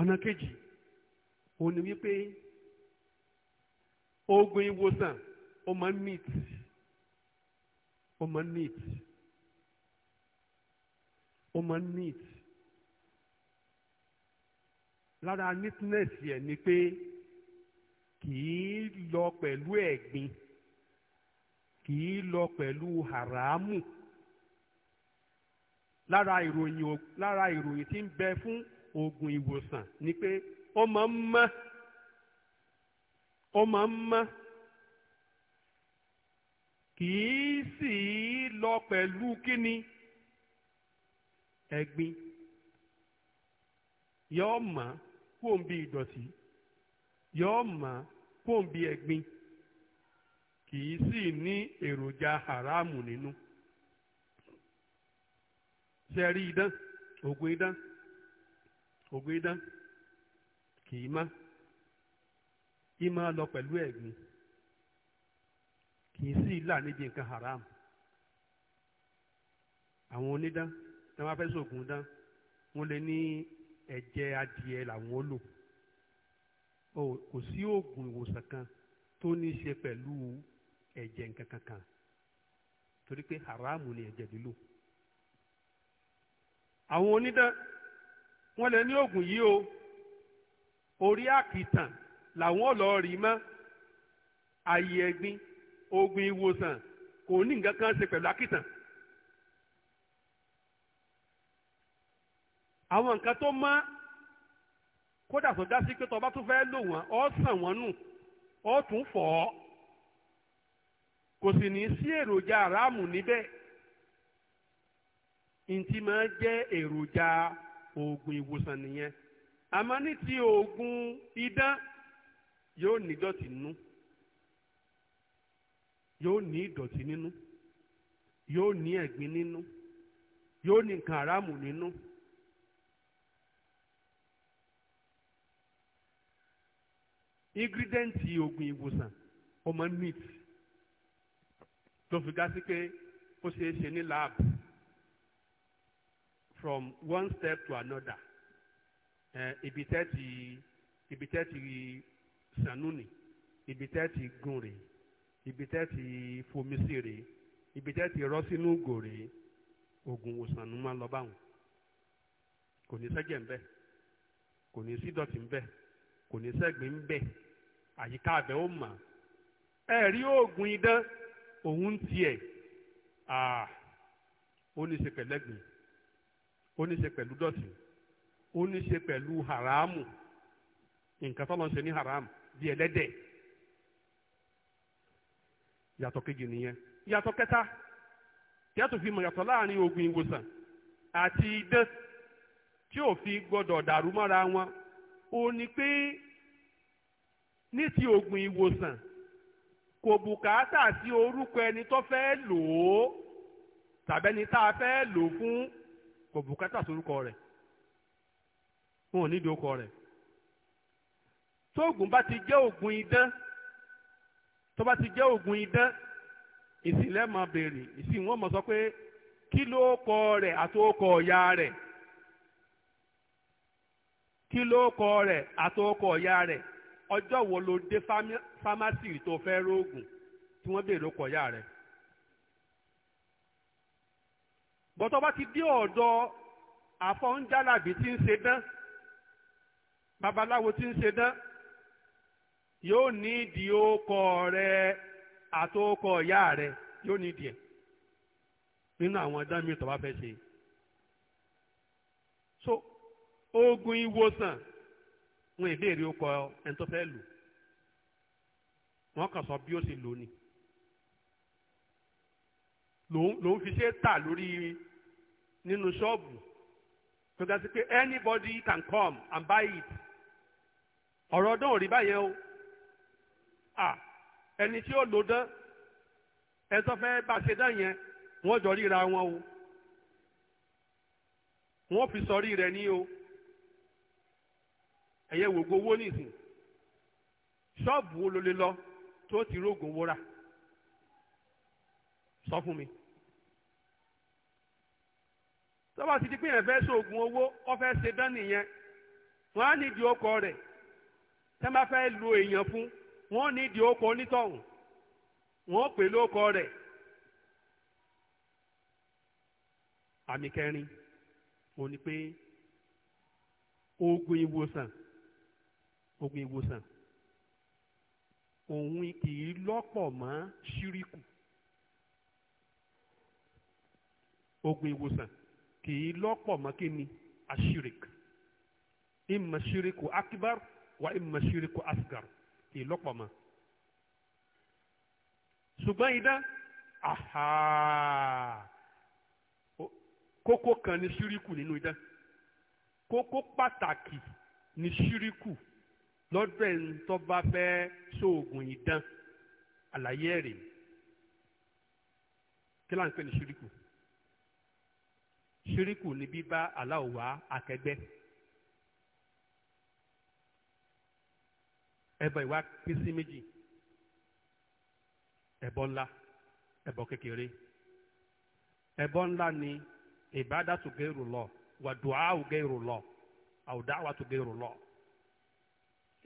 ọ̀nà kejì òun ni wípé oògùn ìwòsàn ó máa ń neat ó máa ń neat ó máa ń neat lára neatness yẹn ni pé kì í lọ pẹ̀lú ẹ̀gbin kì lọ pẹ̀lú haramu lára ìròyìn lára ìròyìn tí ń bẹ fún ogun ìwòsàn ni pé ó máa ń mọ́ ó máa ń mọ́ kì í sì í lọ pẹ̀lú kíni ẹ̀gbin yọ́ọ́ mọ́ kó n bi ìdọ̀tí yọ́ọ́ mọ́ kó n bi ẹ̀gbin kì í sì ní èròjà haramu nínú ṣe rí idán oògùn idán ògùn idán kì í má í máa lọ pẹ̀lú ẹ̀gbin kì í sí ìlà níbi nǹkan haram àwọn onídán tí wọ́n fẹ́ sògùn dán wọ́n lè ní ẹ̀jẹ̀ adìẹ làwọn ó lò kò sí oògùn ìwòsàn kan tó ní í ṣe pẹ̀lú ẹ̀jẹ̀ nǹkan kankan torí pé haramu ni ẹ̀jẹ̀ lílò àwọn onídán wọ́n lè ní oògùn yìí o orí àkìtàn làwọn ọ̀lọ́ rí ma ààyè ẹ̀gbin oògùn ìwòsàn kò ní nǹkan kan ṣe pẹ̀lú àkìtàn. àwọn nǹkan tó mọ́ kódà tó dá sí pé tó bá fẹ́ lò wọ́n ọ sàn wọ́n nù ọ tún fọ̀ ọ́ kò sì ní sí èròjà aráàmù níbẹ̀ ntí máa jẹ́ èròjà. oògùn ìwòsàn nìyẹn àmọ́ ní ti oògùn idán yóò ní ìdọ̀tí nínú yóò ní ìdọ̀tí nínú yóò ní ẹ̀gbin nínú yóò ní nǹkan àràmù nínú. ingredient oògùn ìwòsàn ọmọ neat ló fi gá sí pé ó ṣeé ṣe ní láàbù from one step to another eh, ibi tẹ́ ti ibi tẹ́ ti sànú ni ibi tẹ́ ti gùn rè ibi ti rè ibi tẹ́ ti rọ́ oògùn òsànù máa ń lọ kò ní sẹ́jẹ̀ ńbẹ kò ní sí dọ̀tí ńbẹ kò ní sẹ́gbìn ńbẹ àyíká abẹ ó mà ẹ rí oògùn idán òun tiẹ̀ ó ní í ó ní se pẹ̀lú dọ̀tí ó ní se pẹ̀lú haramu nǹkan tọ́lọ́ ń ṣe ní haramu bíi ẹlẹ́dẹ̀ yàtọ̀ kejì nìyẹn yàtọ̀ kẹta yàtọ̀ fi mọ̀ yàtọ̀ láàrin ìwòsàn àti idán tí ò fi gbọdọ̀ dàrú mọ́ra wọn ó ní pé ní ti oògùn ìwòsàn kò bùkátà sí orúkọ ẹni tó fẹ́ lò ó tàbẹ́ni tá a fẹ́ lò fún kò bùkátà sórúkọ rẹ̀ wọn ò nídìí okọ rẹ tóògùn bá ti je ògùn idán tó bá ti isi ògùn idán ìsìn lẹ́ẹ̀mọ béèrè ìsìn wọn mọ̀ sọ pé kí ló kọ rẹ̀ àti okọ kí ló kọ rẹ̀ àti bọ́tọ́ bá ti dé ọ̀dọ̀ àfọ̀njálàbí tí ń ṣe dán babaláwo tí ń ṣe dán yóò ní ìdí ọkọ rẹ àtọkọ ìyá rẹ yóò ní ìdí ẹ nínú àwọn ẹ̀dá mi tó bá fẹ́ ṣe so oògùn ìwòsàn wọn ìbéèrè ọkọ ẹni tó fẹ́ lò wọn kàn sọ bí ó sì lò ní lòun lòun fi ṣe tà lórí nínú ṣọ́ọ̀bù tó ga sí pé anybody can come and buy it ọ̀rọ̀ ọdún ò rí báyẹn o à ẹni tí ó lò dán ẹ tó fẹ́ bá ṣe dán yẹn wọ́n jọ ríra wọn o wọ́n fi sọrí rẹ̀ ní o ẹ̀yẹ wògo owó nìsín ṣọ́ọ̀bù wo lọ tó ti rógùn wó sọ fún mi tọ́ba ti di pé yẹn fẹ́ sóògùn owó ọ̀fẹ́ ṣe dán nìyẹn wọ́n á nídìí ọkọ rẹ̀ tẹ́ bá fẹ́ lo èèyàn fún wọ́n nídìí ọkọ onítọ̀hún wọ́n pè lóko rẹ̀ àmì kẹrin òun ni pé oògùn ìwòsàn oògùn ìwòsàn òun kì í lọ́pọ̀ mọ́ ṣíríkù. ogun ìwòsàn kì í lọ́pọ̀ mọ́ kí ni ashirik imma shiriku akbar wa imma shiriku asgar kì í lọ́pọ̀ mọ́. ṣùgbọ́n idán aha kókó kan ni shiriku nínú idán kókó pàtàkì ni shiriku lọ́dọ̀ ẹni tó bá fẹ́ sóògùn idán àlàyé ẹ̀rìn kí láǹpẹ́ ni shiriku ṣíríkù ni bíbá aláòwá akẹgbẹ́ ẹbọ ìwà pín sí méjì ẹbọ ńlá ẹbọ kékeré ẹbọ ńlá ni ìbádàtú gẹrù lọ wàdùá gẹrù lọ àwùdáwà tó gẹrù lọ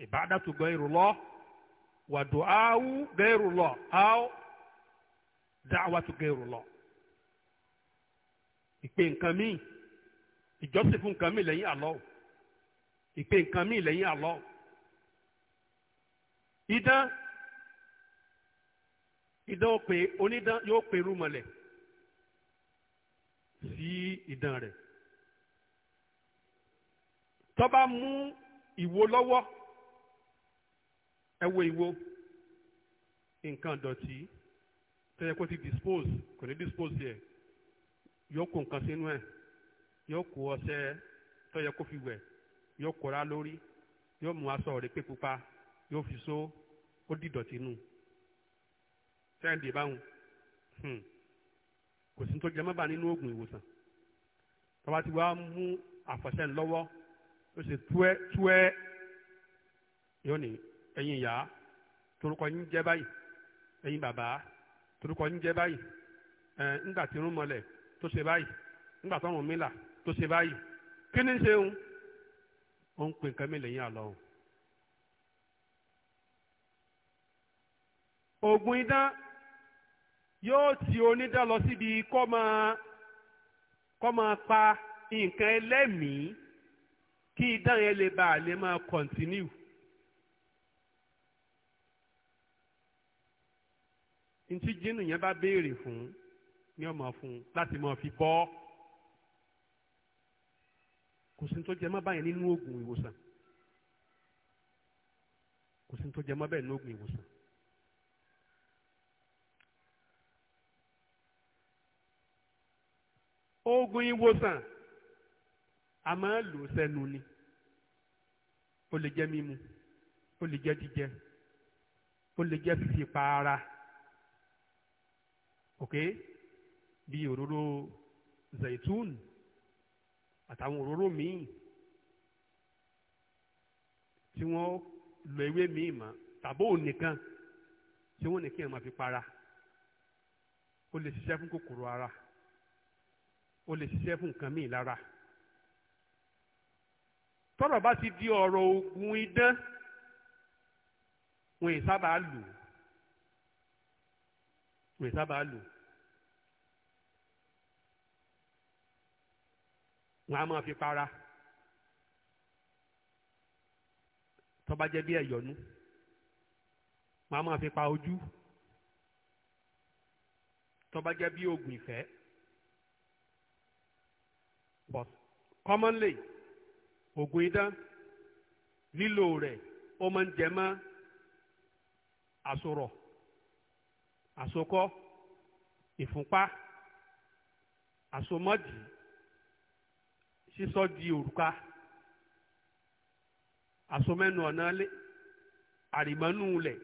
ìbádàtú gẹrù lọ wàdùá gẹrù lọ àwùdáwà tó gẹrù lọ ìpè nǹkan míì ìjọsìn fún nǹkan míì lẹ́yìn Allah ìpè nǹkan míì lẹ́yìn Allah idán idán pé onídán yóò pè rúmọlẹ̀ sí idán rẹ̀ tó bá mú ìwo lọ́wọ́ ẹ wo ìwo nǹkan dọ̀tí tẹ́lẹ̀ kó ti dispose kò ní dispose yẹ. yóò kó nǹkan sínú ẹ̀ yóò kó ọṣẹ tó yẹ kó fi wẹ̀ yóò kóra lórí yóò mú aṣọ rẹ̀ pé pupa yóò fi so ó dìdọ̀tí nù sẹ́ǹdì báwọn hmm, kò sí tó jẹ mọ́ba nínú oògùn ìwòsàn tọ́ba ti wá mú àfọ̀sẹ́ni lọ́wọ́ ó sì túẹ́ túẹ́ yóò ní ẹ̀yin ìyá torúkọ yín jẹ́ báyìí ẹ̀yin bàbá torúkọ yín jẹ́ báyìí ẹ̀ ńgbà tí irun mọ́lẹ̀ tó ṣe báyìí nígbà tó rùn mílà tó ṣe báyìí kí ni ṣe ń ó ń pè nǹkan mi lẹ́yìn àlọ́ o. oògùn idán yóò ti onídán lọ síbi kó máa kó máa pa nǹkan ẹlẹ́mìí kí idán yẹn lè bàa lè máa kọ̀ǹtínú. ntí jínù yẹn bá béèrè fún un ni ọmọ fún un láti máa fi bọ́ kò sí tó jẹ mọ́ báyìí nínú oògùn ìwòsàn kò sí tó jẹ mọ́ bẹ́ẹ̀ nínú oògùn ìwòsàn. oògùn ìwòsàn a máa ń lò sẹ́nu ni ó lè jẹ́ mímu ó lè jẹ́ jíjẹ ó lè jẹ́ fífi pa ok bíi òróró zaitun àtàwọn òróró míì tí wọ́n lọ ewé míì mọ́ tàbó nìkan tí wọ́n ní kí wọ́n máa fi para ó lè ṣiṣẹ́ fún kòkòrò ara ó lè ṣiṣẹ́ fún nǹkan míì lára tọ́rọ̀ bá ti di ọ̀rọ̀ ogun idán wọn ì sábà lù wọn ì sábà lù. wọn a máa fi para tó bá jẹ́ bí ẹ̀yọ́nú wọn a máa fi pa ojú tó bí oògùn ìfẹ́ but commonly oògùn idán lílò rẹ̀ ó máa ń jẹ mọ́ àsorọ̀ àsokọ́ ìfúnpá àsomọ́dì sísọ di òrùka Asomenu ọ̀nà àrìmọ́nú lẹ̀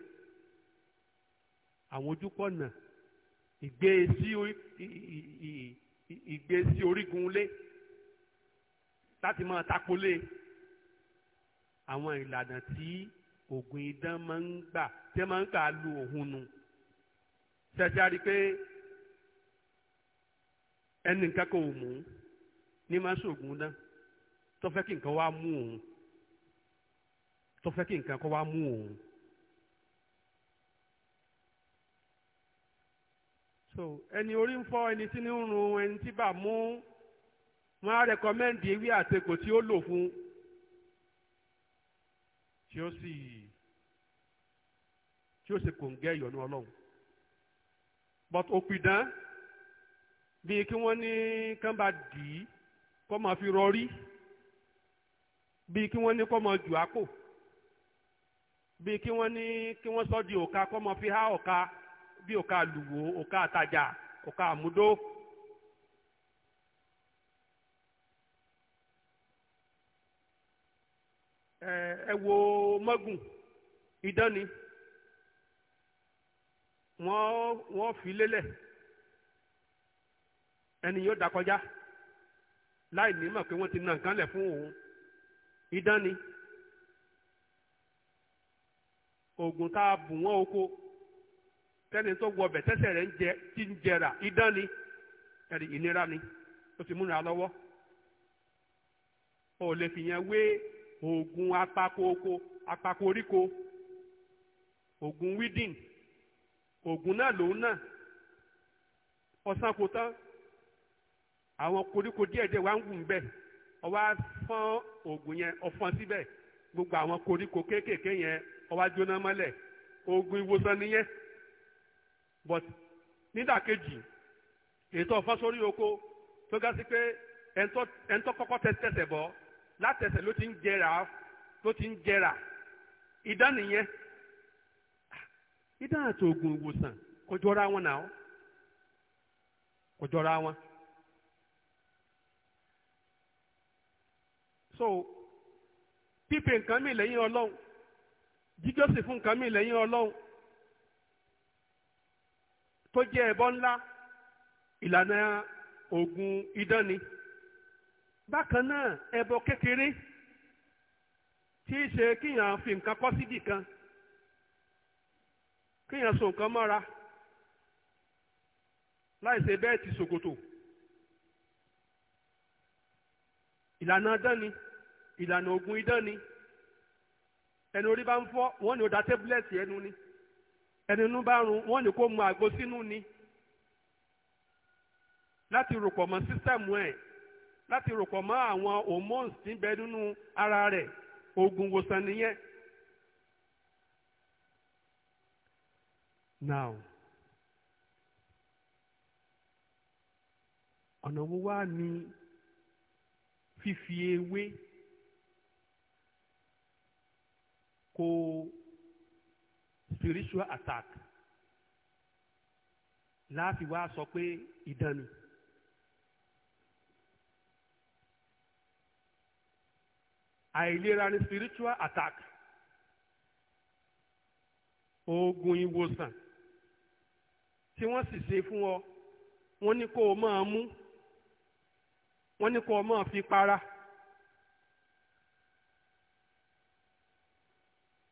àwọn ojúkọ̀nà ìgbé sí ìgbé sí orígun lé láti máa takpolé àwọn ìlànà tí oògùn idán máa ń gbà tí wọ́n máa ń lu òhun nu pé ẹnì kankan mú un. ní máa ń ṣoògùn dán tó fẹ́ kí nǹkan wá mú òun tó fẹ́ kí nǹkan kọ́ wá mú òun. so ẹni orí ń fọ́ ẹni tí ń run ẹni tí bá mú wọn á rẹkọmẹ́ǹdì ewé àtẹkò tí ó lò fún tí ó sì tí ó sì kò ń gẹ́ ìyọ̀nù ọlọ́run but òpìdán bíi kí wọ́n ní kán bá dì í kọ́ máa fi rọrí bíi kí wọ́n ní kọ́ máa jù àpò bíi kí wọ́n ní kí wọ́n sọ di òka kọ́ máa fi há ọka bí òka lùwò òka àtajà òka àmúdó. ẹ wo mọ́gùn idán wọ́n wọ́n fi lélẹ̀ ẹni yóò dá láì nímọ̀ pé wọ́n ti na nǹkan lẹ̀ fún òun idán ni oògùn tá a bù wọ́n oko tẹ́ni tó wọ ọbẹ̀ tẹ́sẹ̀ rẹ̀ ń jẹ tí ń jẹrà idán ni ẹ̀rí ìnira ni ó ti múra lọ́wọ́ ó lè fi wé oògùn apako oko apako oríko oògùn widin oògùn náà lòun náà ọ̀sán kò tán àwọn koríko díẹ̀díẹ̀ wá ń wù ń bẹ̀ ó wá fọ́n oògùn yẹn ó fọ́n síbẹ̀ gbogbo àwọn koríko kéékèèké yẹn ó wá jóná mọ́lẹ̀ oògùn ìwòsàn nìyẹn but nídàkejì ètò ọ̀fọ́n sórí oko tó ga sí pé ẹ̀ńtọ́ kọ́kọ́ tẹ̀sẹ̀ bọ́ látẹ̀sẹ̀ ló ti ń jẹrà ló ti ń jẹrà idán nìyẹn idán àti oògùn ìwòsàn kò wọn náà kò wọn. so pípe nǹkan mi lẹ́yìn ọlọ́run jíjọ́sìn fún nǹkan mi lẹ́yìn ọlọ́run tó jẹ́ ẹbọ ńlá ìlànà oògùn idán ni bákan náà ẹbọ kékeré tí í ṣe kíyàn fi nǹkan kọ́ sídìí kan kíyàn so nǹkan mọ́ra láì ṣe bẹ́ẹ̀ ti ṣòkòtò ìlànà dán ni ìlànà oògùn idán ni ẹni orí bá ń fọ́ wọ́n ní ó da tẹ́bílẹ̀tì ẹnu ni ẹni inú bá run wọ́n ní kó mu àgbo sínú ni láti rò pọ̀ mọ́ sísẹ̀mù ẹ̀ láti rò pọ̀ mọ́ àwọn hormones tí nínú ara rẹ̀ oògùn ìwòsàn nìyẹn. now ọ̀nà wo wá ni fífi ewé. kó spiritual attack láti wá sọ pé ìdánù. àìlera ni spiritual attack oògùn ìwòsàn tí wọ́n sì ṣe fún ọ wọ́n ní kó o máa mú wọ́n ní kó o máa fi para.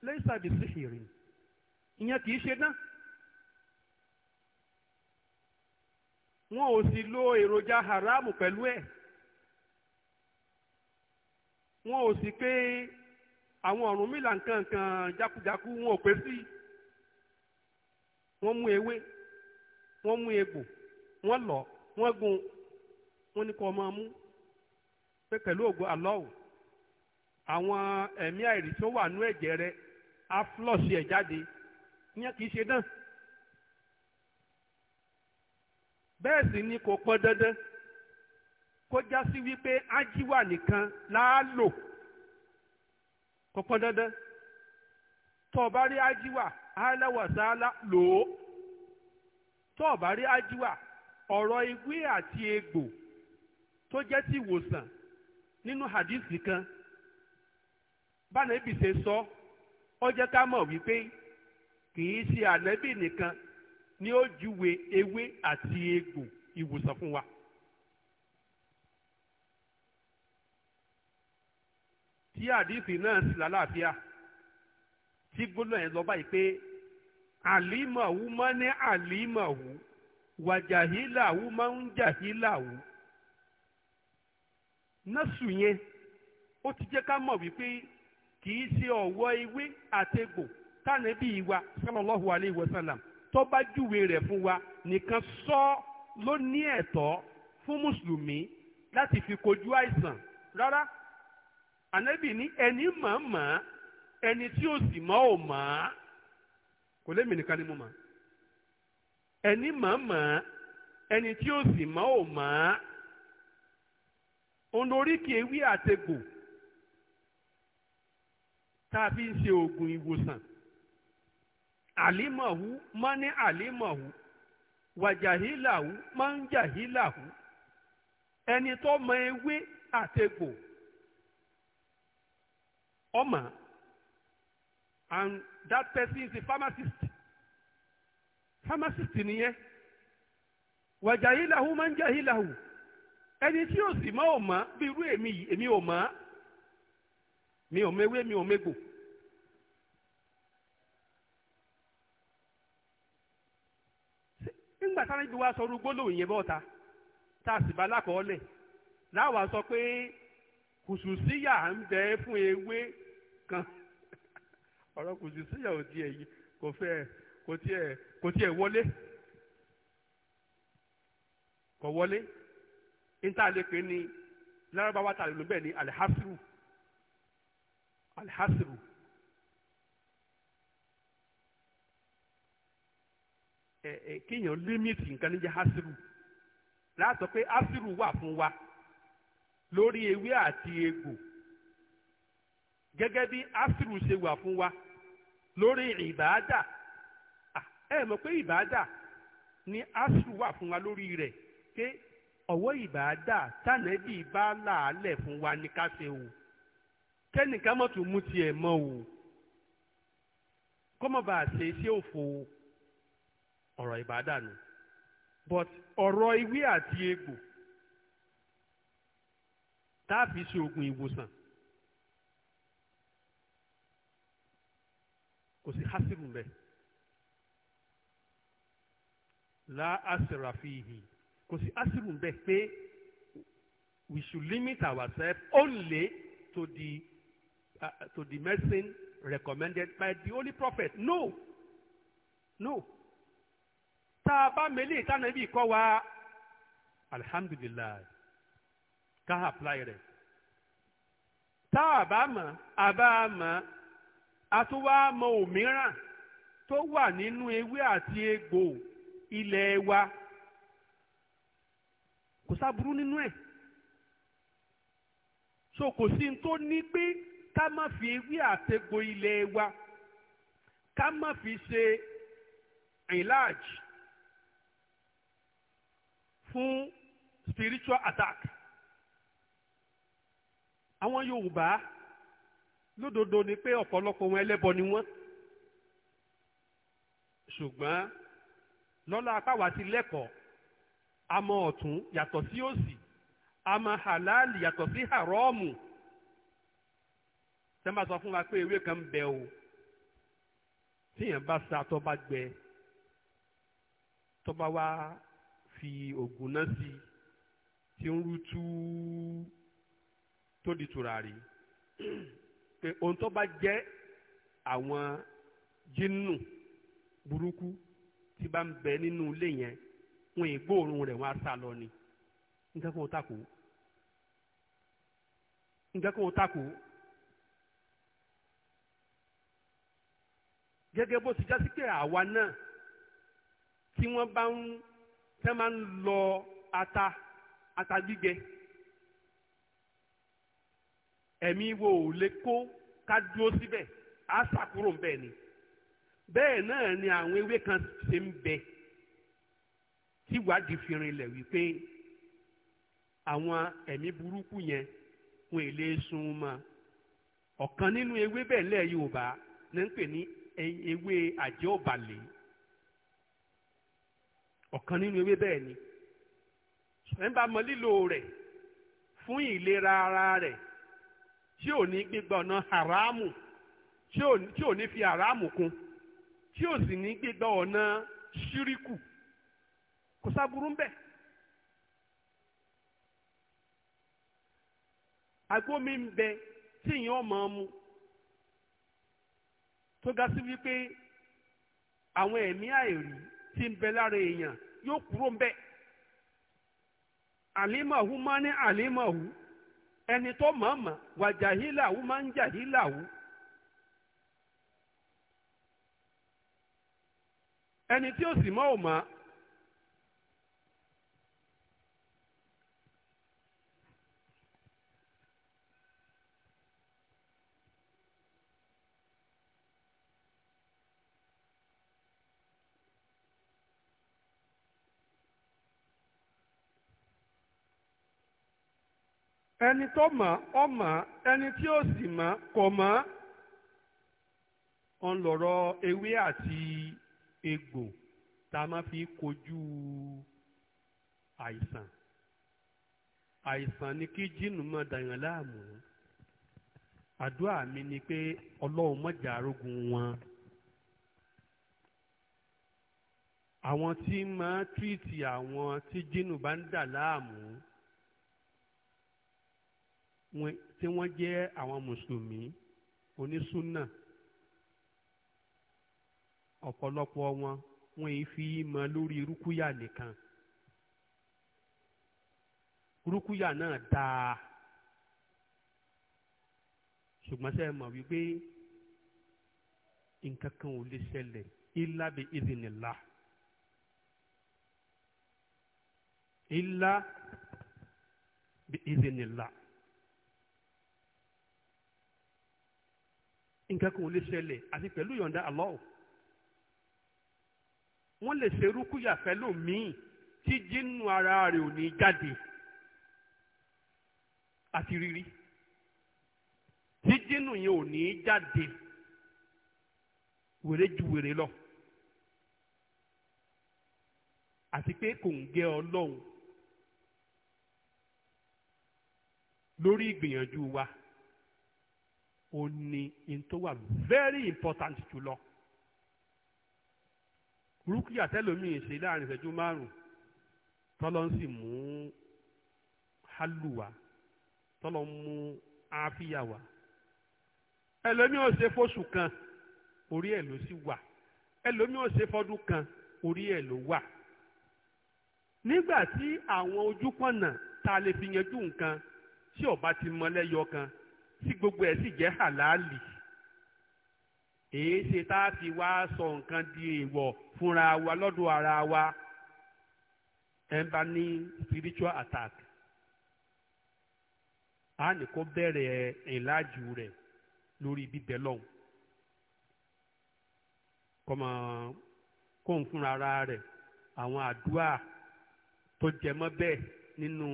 lẹ́yìn bụ ìrì ìyẹn kì í ṣe dán wọn ò sì lo èròjà haramu pẹ̀lú ẹ̀ wọn ò sì pé àwọn Ọ̀rúnmìlà nkankan jákujáku wọn ò pé sí wọn mú ewé wọn mú egbò wọn lọ wọn gun wọn ni kó máa mú pé pẹ̀lú ògo àlọ́ọ̀ àwọn ẹ̀mí àìrí tó wà nú ẹ̀jẹ̀ rẹ̀ á flọ́ọ̀ṣì ẹ̀ jáde ní kìí ṣe náà bẹ́ẹ̀ sì ni kò pọn dandan kó já sí wípé ájíwà nìkan láálò kò pọn dandan tó o bá rí ájíwà aláwọ̀sálá lò ó tó o bá rí ájíwà ọ̀rọ̀ ewé àti egbò tó jẹ́ ti wòsàn nínú hadith kan bánabi ṣe sọ ó jẹ́ ká mọ̀ wípé kì ṣe ànábì nìkan ni ó júwe ewé àti egbò ìwòsàn fún wa. tí àdìsí náà sì lálàáfíà tí gbólóhùn yẹn lọ báyìí pé àlímọ̀wú mọ́ ní àlímọ̀wú wàjàhílàwú mọ́ ń jàhílàwú. nọ́ọ̀sù yẹn ó ti jẹ́ ká mọ̀ wípé kì í ṣe ọ̀wọ́ ewé àtegbò tánàbí wa sallallahu alayhi wa sallam tó bá júwe rẹ̀ fún wa nìkan sọ ló ní ẹ̀tọ́ fún mùsùlùmí láti fi kojú àìsàn rárá ànábì ní ẹni mọ̀ọ́mọ̀ ẹni tí ó sì mọ̀ ò mọ̀ kò lémi nìkan ni mo mọ̀ ẹni mọ̀ọ́mọ̀ ẹni tí ó sì mọ̀ ò mọ̀ òun lórí àtegbò tá a fi ń ṣe oògùn ìwòsàn àlímọ̀hú mọ́ ní àlímọ̀hú wàjàhílàhú mọ́ ń jàhílàhú ẹni tó mọ ewé àtegbò ọmọ and that person is a pharmacist pharmacist nìyẹn wàjàhílàhú mọ́ ń jàhílàhú ẹni tí yóò sì mọ́ ò mọ́ bí irú èmi yìí èmi ò mọ́ mi ò mewé mi ò megbò. nígbà táwọn ibi wa sọ orúgbó lòun yẹn bọ́ta tá a sì bá lákọọ́lẹ̀ láwa sọ pé kùsùsíyà ń bẹ fún ewé kan ọ̀rọ̀ kùsùsíyà ò tiẹ̀ yìí kò fẹ́ kò tiẹ̀ kò tiẹ̀ wọlé kò wọlé níta lè pè ní lárúbáwá tàbí lóbẹ̀ ní alhasru alhasibu ẹ ẹ kéèyàn límìtì nǹkan níjẹ́ hasibu láàtọ̀ pé hasibu wà fún wa lórí ewé àti egbò gẹ́gẹ́ bí hasibu ṣe wà fún wa lórí ìbáàdà ẹ mọ̀ pé ìbáàdà ni hasiru wà fún wa lórí rẹ̀ pé ọ̀wọ́ ìbáàdà tànẹ́bí bá làálẹ̀ fún wa ní ká ṣe o. kẹ́nìkan mọ̀ tó mú tiẹ̀ mọ́ o kọ́mọba àṣẹ iṣẹ́ òfò ọ̀rọ̀ ìbádànù but ọ̀rọ̀ ìwé àti egbò tá a fi ṣe oògùn ìwòsàn kò sí hásìrù mbẹ la asira fihi kò sí hásìrù mbẹ pé we should limit ourselves only to the Uh, to the medicine recommended by the holy prophet no no tá a bá mele ìtànà ibi ìkọ́ wa alihamdulilayi ká apply rẹ̀ tá a bá mọ̀ a bá mọ̀ a tún wá mọ òmíràn tó wà nínú ewé àti egbò ilẹ̀ wa kò sábúrú nínú ẹ̀ so kò sí ní tó ní pé ká má fi ewé àtegbo ilé wa ká má fi ṣe ìlàjì fún spiritual attack àwọn Yorùbá lódodo ni pé ọ̀pọ̀lọpọ̀ wọn ẹlẹ́bọ ni wọ́n ṣùgbọ́n lọ́lá apáwa ti lẹ́kọ̀ọ́ àmọ́ ọ̀tún yàtọ̀ sí òsì àmọ́ halali yàtọ̀ sí haramu tẹ́ máa sọ fún wa pé ewé kan ń bẹ o tíyẹn bá sa tó gbẹ tó bá fi oògùn náà sí tí ń rú tú tó di turari, pé ohun tó bá jẹ́ àwọn jínù burúkú tí bá ń bẹ nínú ilé yẹn wọn ìgbóòórùn rẹ̀ wọn á sá lọ ni nǹkan kan ò takò nǹkan kan ò takò. gẹ́gẹ́ bó ti já sí pé àwa náà tí wọ́n bá ń tẹ́ máa ń lọ ata ata gbígbẹ ẹ̀mí wo ò lè kó ká dúró síbẹ̀ á sàkúrò ń ni bẹ́ẹ̀ náà ni àwọn ewé kan ṣe ń bẹ tí ìwádìí fi rinlẹ̀ wípé àwọn ẹ̀mí burúkú yẹn wọn è sun mọ́ ọ̀kan nínú ewé bẹ́ẹ̀ lẹ́ẹ̀ Yorùbá ní ń pè ní ewé àjẹ́ òbàlẹ̀ ọ̀kan nínú ewé bẹ́ẹ̀ ni ẹ̀ ń bá mọ lílo rẹ̀ fún ìlera ara rẹ̀ tí ò ní gbígba ọ̀nà haramu tí ò ní fi haramu kún tí ò sì ní gbígba ọ̀nà ṣíríkù kò sábúrú ń bẹ̀. agbómi ń bẹ tí èèyàn máa mu tó ga sí wípé àwọn ẹ̀mí àìrí tí ń bẹ lára èèyàn yóò kúrò ń bẹ̀. àlímọ̀hún máa ní àlímọ̀hún ẹni tó mọ̀ọ́mọ̀ wà máa ń jàhílàhú. ẹni tí ó sì mọ̀ ò mọ̀ ẹni tó mọ̀ ọ mọ̀ ẹni tí ó sì mọ̀ kò mọ̀ ọ̀n lọ̀rọ̀ ewé àti egbò tá a máa fi kojú àìsàn àìsàn ni kí jíìnù máa dàyàn láàmú àdúrà mi ni pé ọlọ́run mọ̀jà arógun wọn àwọn tí máa túìtì àwọn tí jíìnù bá ń dà láàmú tí wọ́n jẹ́ àwọn mùsùlùmí onísúnà ọ̀pọ̀lọpọ̀ wọn wọ́n yìí fi mọ lórí rúkúyà nìkan rúkúyà náà dáa ṣùgbọ́n sẹ́ẹ̀ mọ̀ wípé nǹkan kan ò lè ṣẹlẹ̀ illa bi idhnillah illa bi idhnillah. nǹkan kan ò lè ṣẹlẹ̀ àti pẹ̀lú yọ̀ǹda Allah wọ́n lè ṣe rúkúyà pẹ̀lú míì tí jínú ara rẹ̀ ò ní jáde àti rírí tí jínú yẹn ò ní jáde wèrè ju wèrè lọ àti pé kò ń gẹ ọlọ́run lórí ìgbìyànjú wa ó ní in tó wà very important jùlọ rúkìá tẹlómìn ṣe láàrin ìṣẹ́jú márùn tọ́lọ́ ń sì mú hálùwà tọ́lọ́ ń mú àáfíà wà ẹlòmíì ò ṣe fóṣù kan orí ẹ̀ ló sì wà ẹlòmíì ò ṣe fọ́dún kan orí ẹ̀ ló wà nígbà tí àwọn ojúkọ̀nà tá lè fi yanjú nǹkan tí ọba ti mọ lẹ́yọ kan tí gbogbo ẹ̀ sì jẹ́ hàlálì èé ṣe tá a fi wá sọ nǹkan di èèwọ̀ fúnra wa lọ́dọ̀ ara wa ẹ̀ ń bá ní spiritual attack a ní kó bẹ̀rẹ̀ ìlàjù rẹ̀ lórí bíbẹ̀ lọ́hùn kọ́mọ kóun fúnra ara rẹ̀ àwọn àdúrà tó jẹ mọ́ bẹ́ẹ̀ nínú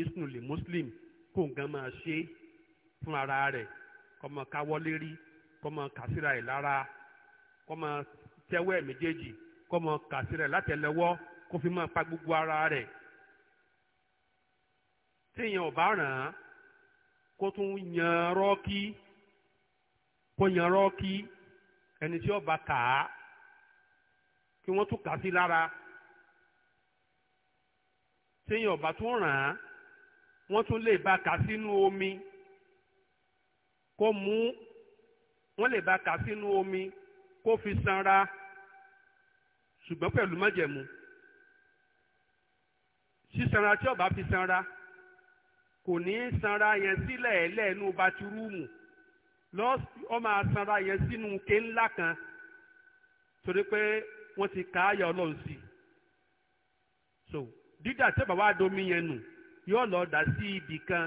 isnuli muslim kóun gan máa ṣe é fún ara rẹ̀ kọ́mọ káwọ́lé rí kọ́mọ kàsíra ẹ̀ lára kọ́mọ tẹ́wọ́ ẹ̀ méjèèjì kọ́mọ kàsíra ẹ̀ látẹ̀lẹ́wọ́ kó fi máa pa gbogbo ara rẹ̀ téèyàn ò bá ràn án kó tún yan rọ́ọ̀kì kó yan rọ́ọ̀kì ẹni tí ó kà á kí wọ́n tún kà sí lára téèyàn ò tún ràn án wọ́n tún lè bá kà sínú omi kó mú wọ́n lè bá kà sínú omi kó fi sanra ṣùgbọ́n pẹ̀lú májẹ̀mú sísanra tí ó bá fi sanra kò ní sanra yẹn sílẹ̀ ẹlẹ́nu batiruumu lọ́ ọ máa sanra yẹn sínú ké ńlá kan torí pé wọ́n ti kà á ọlọ́run sí i so dídà tí bàbá adomi yẹn nù yóò lọ dà sí ibì kan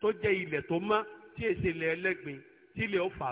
tó jẹ́ ilẹ̀ tó mọ́ tí èsì ilẹ̀ ẹlẹ́gbin tí ilẹ̀ ó fà